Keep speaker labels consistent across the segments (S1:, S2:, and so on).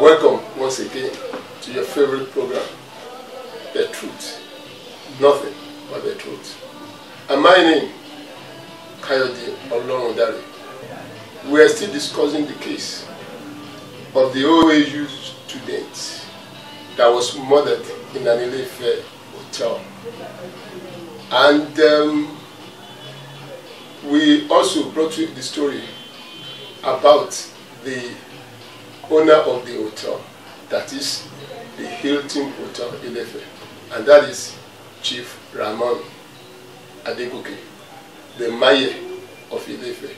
S1: are welcome once again to your favorite program, The Truth. Nothing but the truth. And my name, Kayode Olorundare. We are still discussing the case of the OAU student that was murdered in an Ilefe hotel. And um, we also brought you the story about the owner of the hotel, that is the Hilton Hotel Ilefe, and that is Chief Ramon Adegoke, the mayor of Ilefe.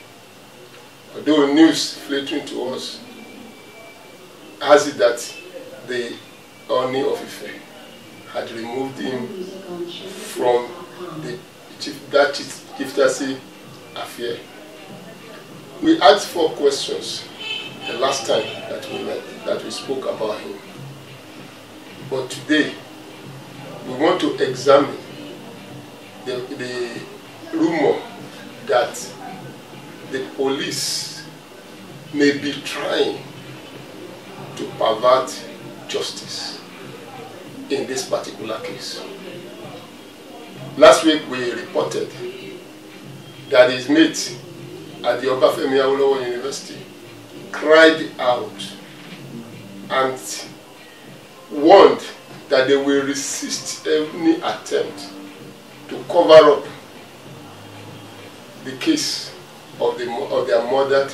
S1: Although news flattering to us has it that the Oni of Ife had removed him from the chief, that Chief chieftaincy affair. We asked four questions the last time that we met, that we spoke about him. But today, we want to examine the, the rumor that the police may be trying to pervert justice in this particular case. Last week we reported that his mate at the Obafemi Awolowo University cried out and warned that they will resist any attempt to cover up the case of, the, of their murdered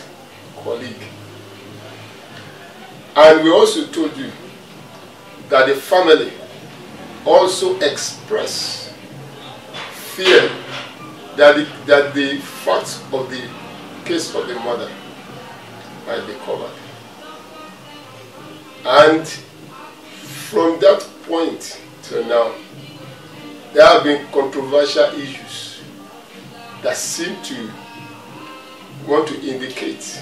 S1: colleague. And we also told you that the family also expressed fear that the, that the facts of the case of the murder I the And from that point to now, there have been controversial issues that seem to want to indicate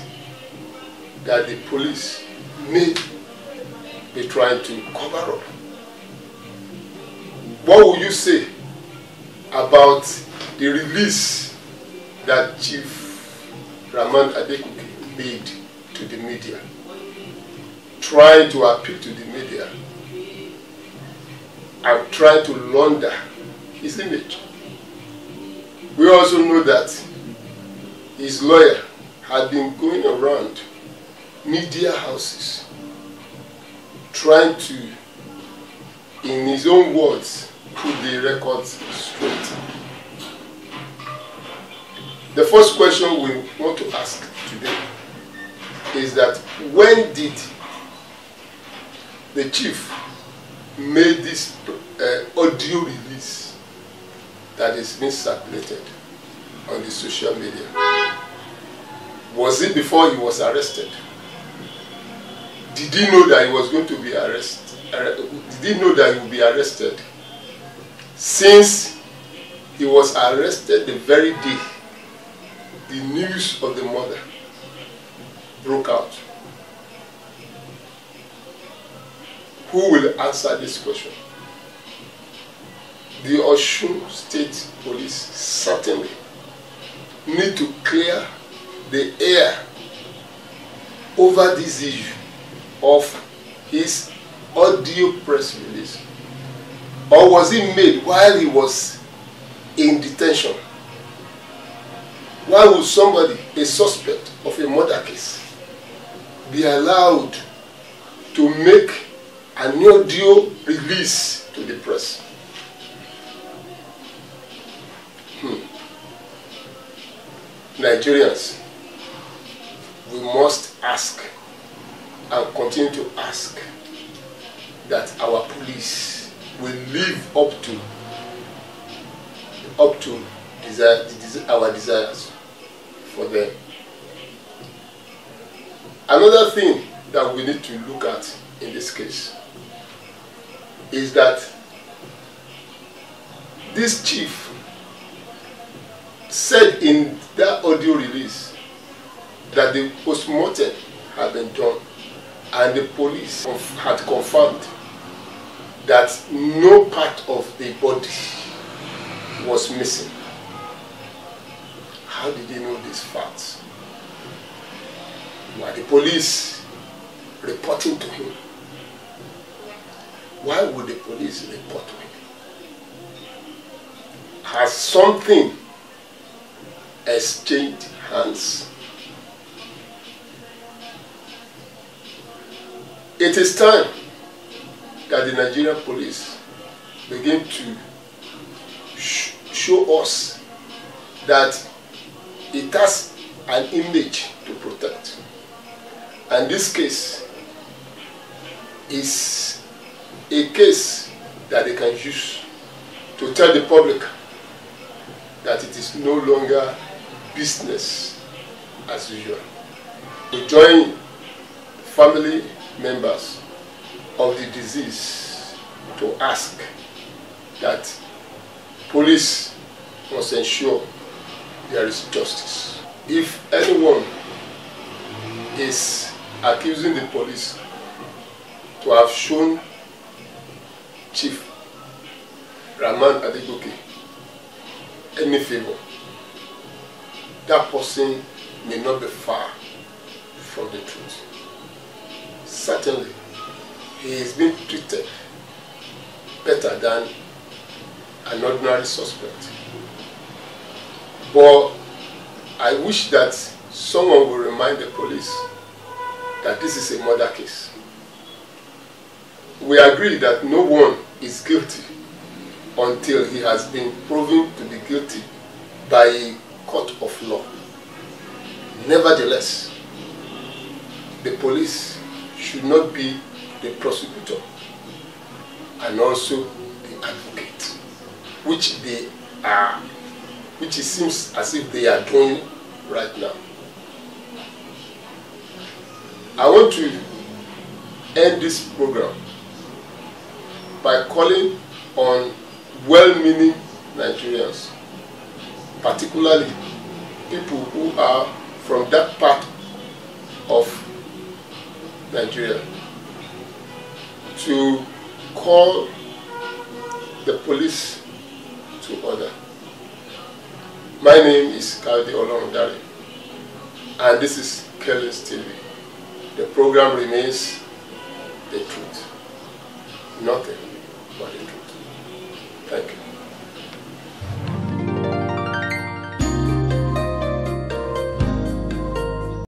S1: that the police may be trying to cover up. What would you say about the release that Chief Rahman Adekuke made to the media, trying to appeal to the media, and trying to launder his image. We also know that his lawyer had been going around media houses trying to, in his own words, put the records straight. The first question we want to ask today is that when did the chief made this uh, audio release that is being circulated on the social media? Was it before he was arrested? Did he know that he was going to be arrested? Did he know that he would be arrested? Since he was arrested the very day the news of the murder broke out? Who will answer this question? The Osun State Police certainly need to clear the air over this issue of his audio press release? Or was it made while he was in detention? Why would somebody, a suspect of a murder case, be allowed to make an audio release to the press. Hmm. Nigerians, we must ask and continue to ask that our police will live up to up to desire, our desires for them. Another thing that we need to look at in this case is that this chief said in that audio release that the post-mortem had been done and the police had confirmed that no part of the body was missing. How did they know these facts? were the police reporting to him? Why would the police report to him? Has something exchanged hands? It is time that the Nigerian police begin to sh show us that it has an image to protect. And this case is a case that they can use to tell the public that it is no longer business as usual. To join family members of the disease to ask that police must ensure there is justice. If anyone is accusing the police to have shown Chief Rahman Adegoke any favor, that person may not be far from the truth. Certainly, he is being treated better than an ordinary suspect. But I wish that someone will remind the police that this is a murder case. We agree that no one is guilty until he has been proven to be guilty by a court of law. Nevertheless, the police should not be the prosecutor and also the advocate, which they are, which it seems as if they are doing right now. I want to end this program by calling on well-meaning Nigerians, particularly people who are from that part of Nigeria, to call the police to order. My name is Kaldi Olorundare, and this is Kellens TV. the program remains the truth. Nothing but the truth. Thank you.